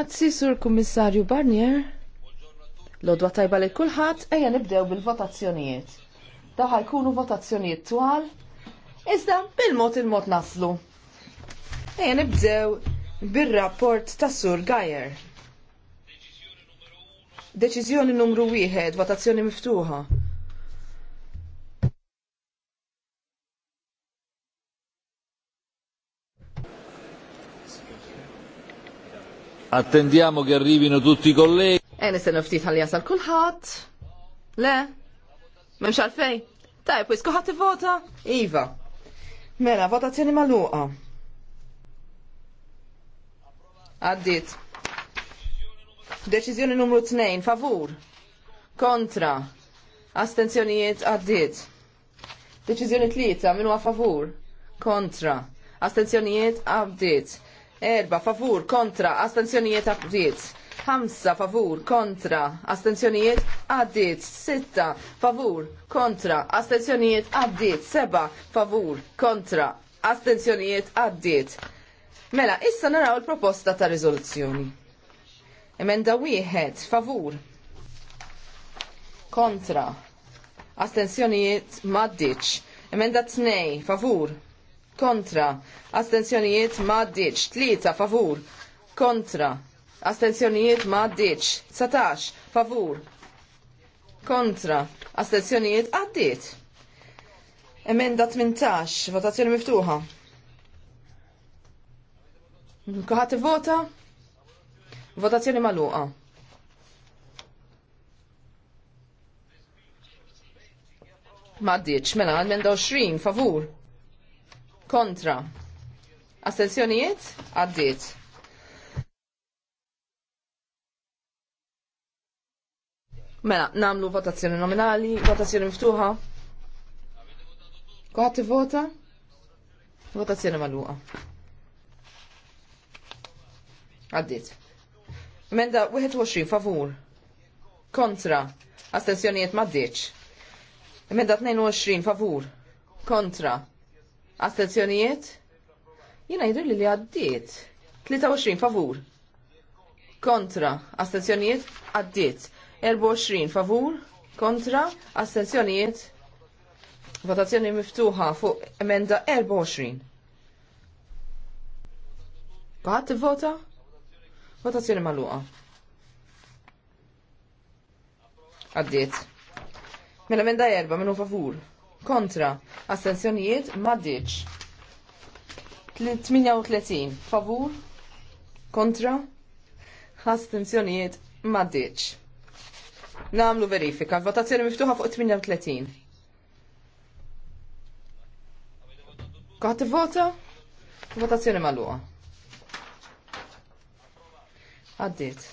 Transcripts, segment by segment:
Grazzi sur kummissarju Barnier. Lodwa tajba li kulħadd ejja nibdew bil-votazzjonijiet. Daħħa jkunu votazzjonijiet twal, iżda bil-mod il-mod naslu. Ejja nibdew bir-rapport ta' Sur Gajer. Deċiżjoni numru wieħed, votazzjoni miftuħa. Attendiamo che arrivino tutti i colleghi. Eh, nistennu ftit ħalli jasal kulħadd. Le, memx għalfej. Tajb, wis kuħat vota? Iva. Mela, votazzjoni magħluqa. Għaddit. Deċiżjoni numru 2, favur. Kontra. Astenzjonijiet għaddit. Deċiżjoni 3, minu a favur. Kontra. Astenzjonijiet għaddit. Erba favur kontra astenzjonijiet għaddiet. Hamsa favur kontra astenzjonijiet għaddiet. Sitta favur kontra astenzjonijiet għaddiet. Seba favur kontra astenzjonijiet għaddiet. Mela, issa naraw il-proposta ta' rizoluzzjoni. Emenda wieħed favur kontra astenzjonijiet maddiċ. Emenda tnej favur kontra, astenzjonijiet ma ddiċ, tlieta favur, kontra, astenzjonijiet ma ddiċ, satax, favur, kontra, astenzjonijiet għaddiet. Emenda 18, votazzjoni miftuħa. Kuħat vota? Votazzjoni maluqa. Ma ddiċ, mela, emenda 20, favur kontra astenzjonijiet għaddiet. Mela, namlu votazzjoni nominali, votazzjoni miftuħa. Kħat vota? Votazzjoni maluqa. Għaddiet. Menda 21 favur. Kontra. Astenzjonijiet maddiċ. Menda 22 favur. Kontra. Astenzjonijiet? Jina jidur li li għaddiet. 23 favur. Kontra. Astenzjonijiet? Għaddiet. 24 favur. Kontra. Astenzjonijiet? Votazzjoni miftuħa fuq emenda 24. Bħat vota? Votazzjoni maluqa. Għaddiet. Mela emenda erba' menu favur. Kontra. Astenzjonijiet maddiċ. 38 favur kontra astenzjonijiet maddiċ. Namlu verifika. Votazzjoni miftuħa fuq 38. Kħat vota? Votazzjoni maluqa. Għaddit.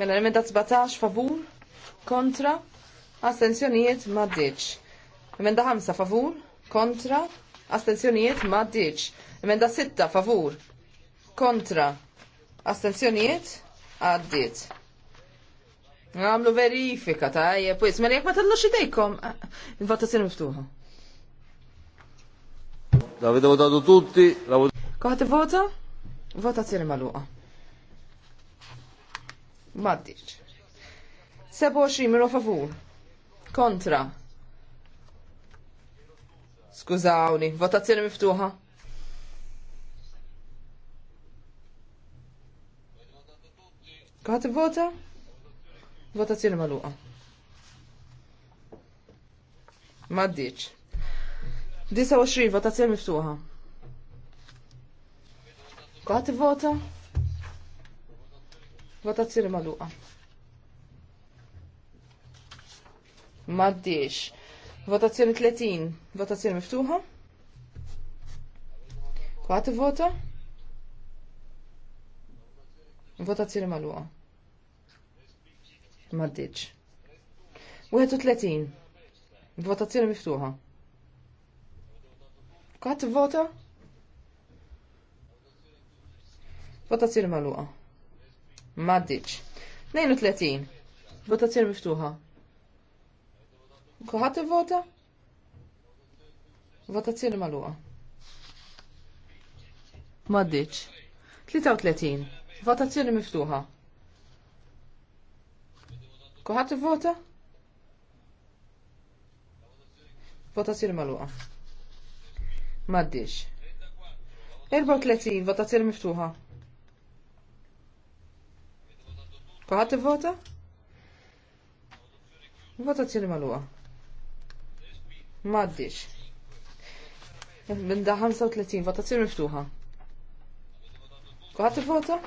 Mela l-emenda 17 favur kontra astenzjonijiet maddiċ. Emenda 5 favur kontra astenzjonijiet ma diċ. Emenda 6 favur kontra astenzjonijiet għaddiet. Għamlu verifika ta' mela jepwis, ma' jek ma tallux idejkom, eh, il-votazzjoni miftuħa. L'avete votato tutti? La Kohati vota? Votazzjoni maluqa. Maddiċ. 27 minu favur. Kontra. Skużawni, votazzjoni miftuħa. Kħat vota? Votazzjoni maluqa. Maddiċ. 29, votazzjoni miftuħa. Kħat vota? Votazzjoni maluqa. Maddiċ. Votazzjoni 30, votazzjoni miftuħa. Kwati vota? Votazzjoni maluqa. Maddiċ. 31. Votazzjoni miftuħa. Kwati vota? Votazzjoni maluqa. Maddiċ. 32. Votazzjoni miftuħa. Kuħat il-vota? Votazzjoni maluqa. Maddiċ. 33. Votazzjoni miftuħa. Kuħat il-vota? Votazzjoni maluqa. Maddiċ. 34. Votazzjoni miftuħa. Kuħat il-vota? Votazzjoni maluqa. Maddix. Minda 35 votazzjoni miftuħa. Kuħat il-vota?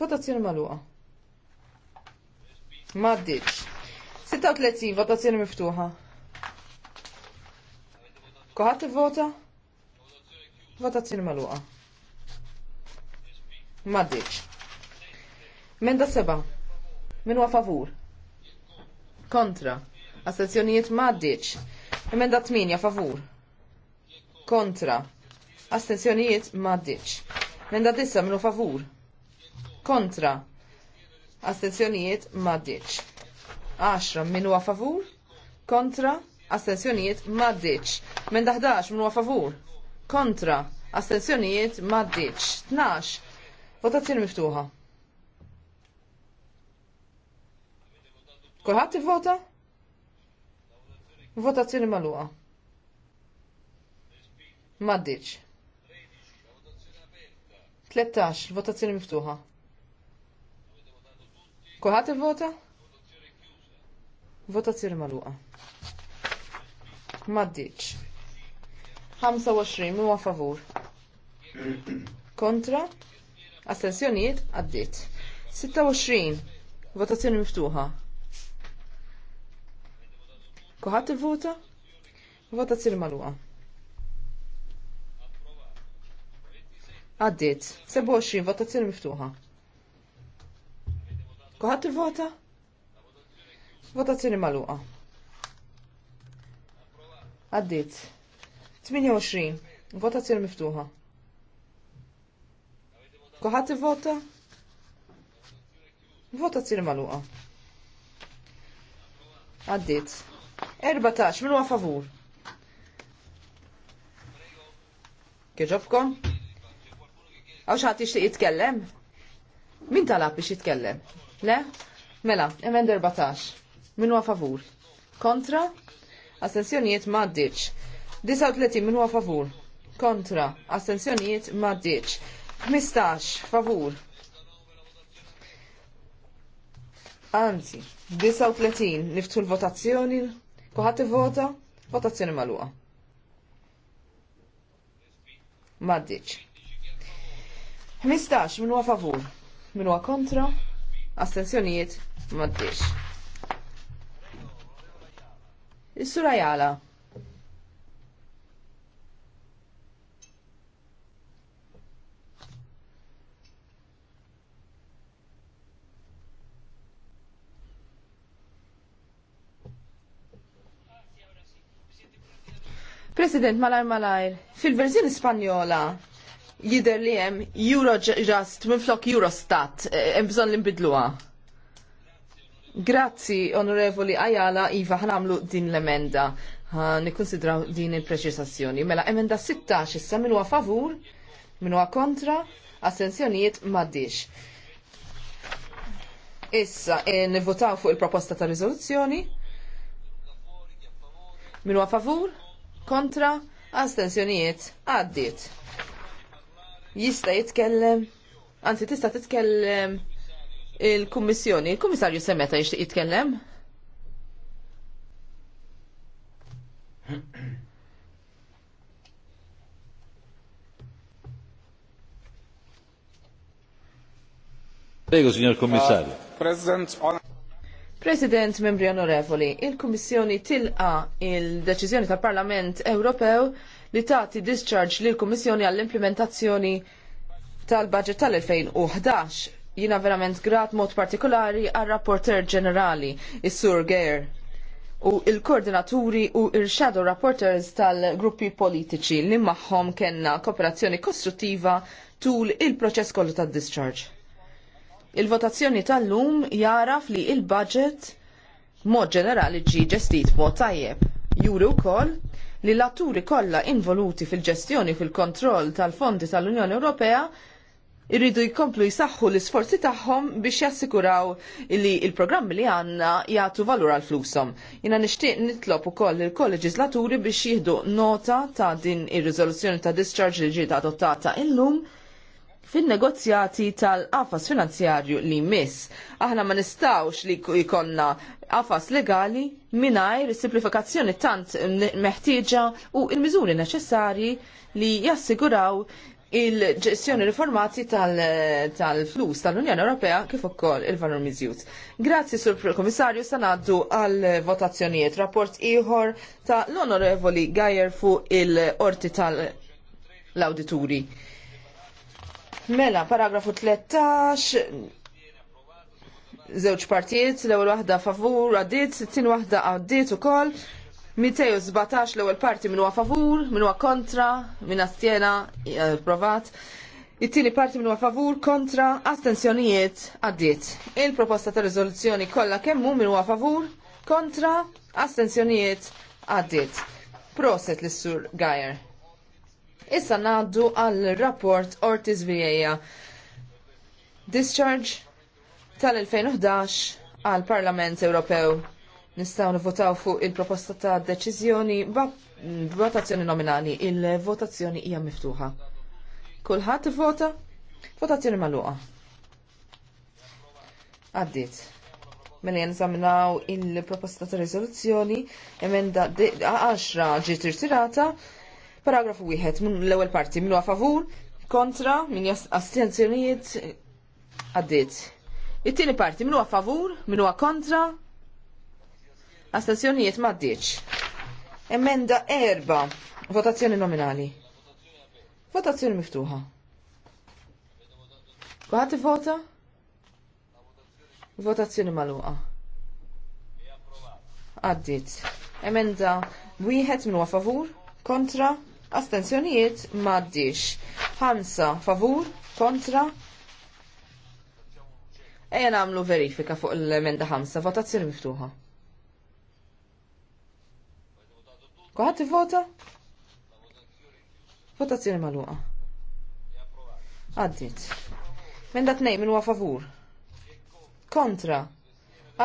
Votazzjoni maluqa. Maddiċ. 36 votazzjoni miftuħa. Kuħat il-vota? Votazzjoni maluqa. Maddiċ. Minda 7. Minu a favur. Kontra. Astenzjonijiet maddiċ. Emenda 8 favur. Kontra. Astenzjonijiet maddiċ. Emenda 9 minu favur. Kontra. Astenzjonijiet maddiċ. 10 minu a favur. Kontra. Astenzjonijiet maddiċ. Emenda 11 minu a favur. Kontra. Astenzjonijiet maddiċ. 12. Votazzjoni miftuħa. Kulħadd ivvota? vota Votazzjoni maluqa. Maddiċ. 13. Votazzjoni miftuħa. Kuħat il-vota? Votazzjoni maluqa. Maddiċ. 25. Mua favur. Kontra. Astensjoniet għaddit. 26. Votazzjoni miftuħa. Kuħat il-vota? Vota tsir maluqa. Għaddit. 27 votazzjoni miftuħa. Kuħat il-vota? Vota Votazzjoni maluqa. Għaddit. 28. vota Votazzjoni miftuħa. Kuħat il-vota? Vota Votazzjoni maluqa. Għaddit. 14, minu favur. Kieġobkom? Għaw għati xti jitkellem? Min talab biex jitkellem? Le? Mela, emend 14. Minu favur. Kontra? Astenzjonijiet maddiċ. 39 minu favur. Kontra. Astenzjonijiet maddiċ. 15 favur. Anzi, 39 niftu l-votazzjoni. Kuħat vota votazzjoni maluqa. Maddiċ. 15 minn huwa favur, minn huwa kontra, astenzjonijiet maddiċ. Is-sura jala. President Malajr Malajr, fil-verżjoni Spanjola jider li hemm Eurojust minflok Eurostat, eh, hemm bżonn li nbidluha. Grazzi, onorevoli Ajala, Iva, ħanamlu din l-emenda. Nikkonsidraw din il-preċisazzjoni. Mela, emenda 16, issa minu a favur, minu a kontra, assenzjonijiet maddix. Issa, e, nivvotaw fuq il-proposta ta' rizoluzzjoni. Minu a favur, kontra astensjonijiet għaddiet. Jista' jitkellem, anzi tista' titkellem il-kummissjoni. Il-kummissarju semmeta jixtieq jitkellem? Prego, signor Commissario. Uh, President membri onorevoli, il-Kummissjoni tilqa il-deċiżjoni tal-Parlament Ewropew li tagħti discharge lil kummissjoni għall-implementazzjoni tal-budget tal-2011. Jina verament grat mod partikolari għal rapporter ġenerali, is-Sur Geir, u il-koordinaturi u il-shadow rapporters tal-gruppi politiċi li magħhom kellna kooperazzjoni kostruttiva tul il-proċess kollu tad-discharge il-votazzjoni tal-lum jaraf li il-budget mod ġenerali ġi ġestit mod tajjeb. Juri wkoll li l-atturi kollha involuti fil-ġestjoni fil-kontroll tal-fondi tal-Unjoni Ewropea irridu jkomplu jisaxħu l-isforzi tagħhom biex jassikuraw li il-programmi li għanna jagħtu valur għal flusom. Jina nixtieq nitlob ukoll il-kolleġislaturi biex jieħdu nota ta' din ir-riżoluzzjoni ta' discharge li ġiet adottata illum fin-negozjati tal-qafas finanzjarju li miss. Aħna ma nistawx li jkollna qafas legali mingħajr simplifikazzjoni tant meħtieġa u il-miżuri neċessarji li jassiguraw il-ġestjoni riformati tal-flus tal-Unjoni Ewropea kif ukoll il-valur miżjut. Grazzi sur komissarju sanaddu għal votazzjonijiet rapport ieħor ta' l-Onorevoli Gajer fuq il-Orti tal-Awdituri. Mela, paragrafu 13, zewċ partijiet, l-ewel wahda favur għaddit, tin wahda għaddit u koll, 217 l-ewel parti minu favur, minu kontra, minn astjena, eh, provat, it-tini parti minu favur, kontra, astensjonijiet għaddit. Il-proposta ta' rizoluzzjoni kolla kemmu minu favur, kontra, astensjonijiet għaddit. Proset l-sur Gajer. Issa naddu għal rapport Ortiz Vieja. Discharge tal-2011 għal Parlament Ewropew. Nistaw votaw fuq il-proposta ta' deċiżjoni votazzjoni nominali. Il-votazzjoni hija miftuħa. Kulħadd vota? Votazzjoni magħluqa. Għaddiet. Mela jenżaminaw il-proposta ta' riżoluzzjoni emenda 10 ġiet irtirata Paragrafu wieħed minn l-ewwel parti minnu a favur, kontra, minn astenzjonijiet għaddiet. It-tieni parti minnu a favur, minnu a kontra, astenzjonijiet ma għaddietx. Emenda erba, votazzjoni nominali. Votazzjoni miftuħa. Kuħat vota? Votazzjoni maluqa. Għaddiet. Emenda wieħed minnu a favur, kontra, astenzjonijiet maddix. Ħamsa favur kontra Ejja nagħmlu verifika fuq l-emenda ħamsa, votazzjoni miftuħa. Kuħat vota? Votazzjoni magħluqa. Għaddit. Menda tnejn minn huwa favur. Kontra.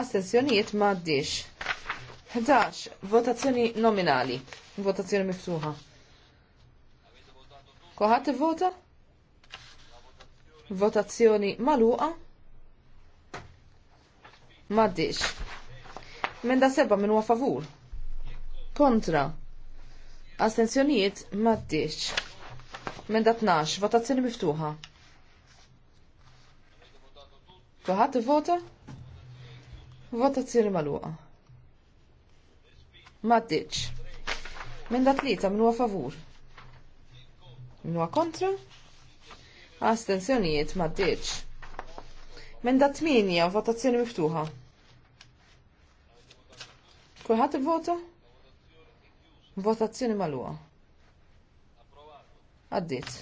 Astenzjonijiet maddix. 11. Votazzjoni nominali. Votazzjoni miftuħa t vota? Votazzjoni maluqa? Maddiċ. Menda seba minn huwa favur. Kontra. Astenzjonijiet maddiċ. Menda 12. Votazzjoni miftuħa. t vota? Votazzjoni maluqa. Maddiċ. Menda tlieta minn huwa favur. Minwa kontra? Astenzjonijiet maddiċ. Menda 8, votazzjoni miftuħa. il-vota? Votazzjoni magħluqa. Għaddiet.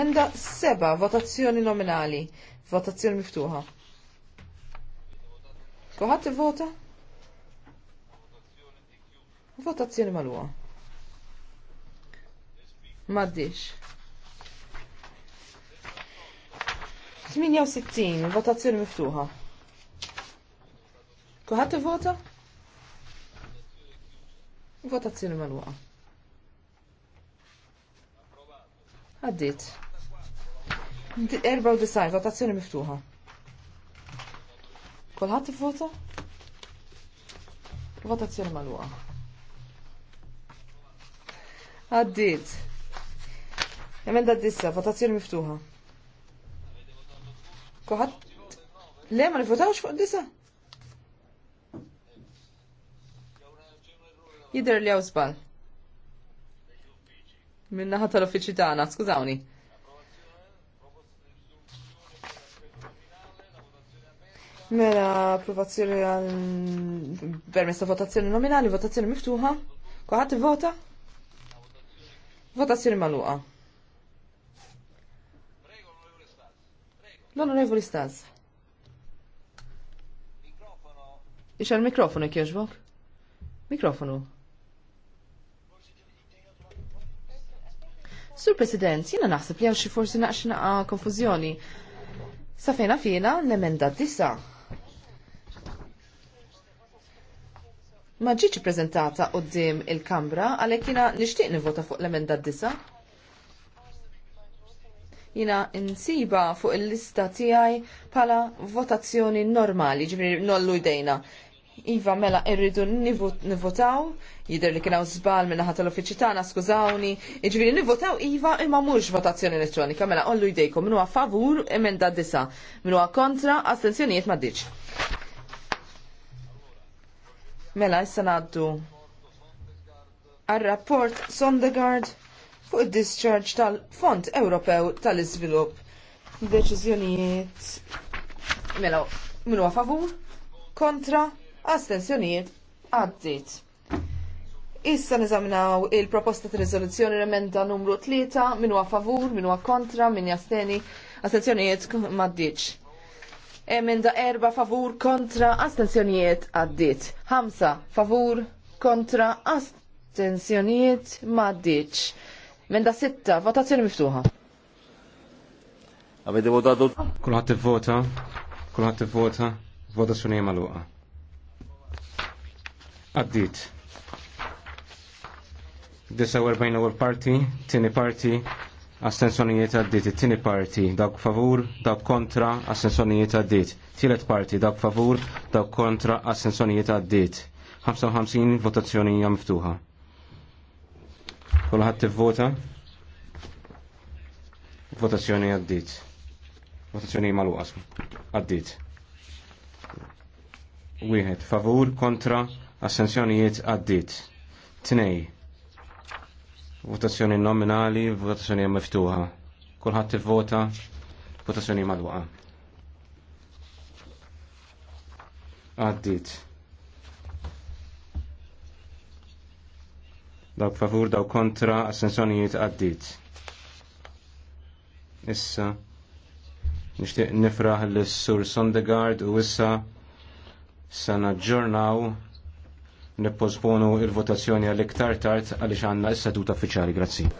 Menda seba' votazzjoni nominali. Votazzjoni miftuħa. Votazzjoni ivvota? Votazzjoni maluqa. Maddix. 68, votazzjoni miftuħa. Kuħat vota? Votazzjoni maluqa. Għaddit. 94, votazzjoni miftuħa. Kuħat vota? Votazzjoni maluqa. Għaddit. Emenda dissa, votazzjoni miftuħa. Kuħat? Le, ma nifutawx fuq dissa? Jider li għaw zbal. Minna ħata l-uffiċi tagħna, skużawni. Mela approvazzjoni għal permessa votazzjoni nominali, votazzjoni miftuħa. Kuħat vota? sir maluqa. L-onorevoli Staz. Ix għal-mikrofonu kjoġbok? Mikrofonu. Sur President, jina naħseb li għaw xi forsi naqxina konfuzjoni. Safena fina l-emenda disa' ma ġiċ prezentata għoddim il-Kamra għalhekk jiena nixtieq nivota fuq l-emenda d-disa. Jiena insiba fuq il-lista tiegħi bħala votazzjoni normali, ġifri nollu jdejna. Iva, mela, irridu nivotaw, jider li kienaw zbal minna ħat l-uffiċi tagħna, skużawni, jiġifieri nivotaw Iva imma mhux votazzjoni elettronika, mela ollu jdejkom minnu favur emenda disa, minnu kontra astenzjonijiet ma' diċ. Mela, issa naddu għal-rapport Sondegard fuq id discharge tal-Fond Ewropew tal-Iżvilupp. Deċiżjonijiet mela minu a favur, kontra, astensjonijiet għaddit. Issa nizaminaw il-proposta ta' riżoluzzjoni remenda numru 3 minu a favur, minu a kontra, min jasteni, astensjonijiet maddiċ emenda erba favur kontra astensjonijiet għaddit. Hamsa favur kontra astensjonijiet maddiċ. Menda sitta, votazzjoni miftuħa. Avete votato? Kulħat vota, kulħat vota, votazzjoni maluqa. Għaddit. 49 parti, tini parti, Astensjonijiet għaddit, it-tini parti, dawk favur, dawk kontra, astensjonijiet għaddit. Tielet parti, dawk favur, dawk kontra, astensjonijiet għaddit. 55 votazzjoni hija miftuħa. Kulħadd tivvota? Votazzjoni għaddit. Votazzjoni mal-waqas. Għaddit. Wieħed favur, kontra, astensjonijiet għaddit. Tnej votazzjoni nominali, votazzjoni miftuħa. Kulħadd tivvota, votazzjoni madwaqa. Għaddit. Dawk favur, daw kontra, assenzjonijiet għaddit. Issa, nishtiq nifraħ l-Sur Sondegard u issa sana ġurnaw nipposponu il-votazzjoni għal-iktar tard għaliex għandna s-seduta uffiċjali. Grazzi.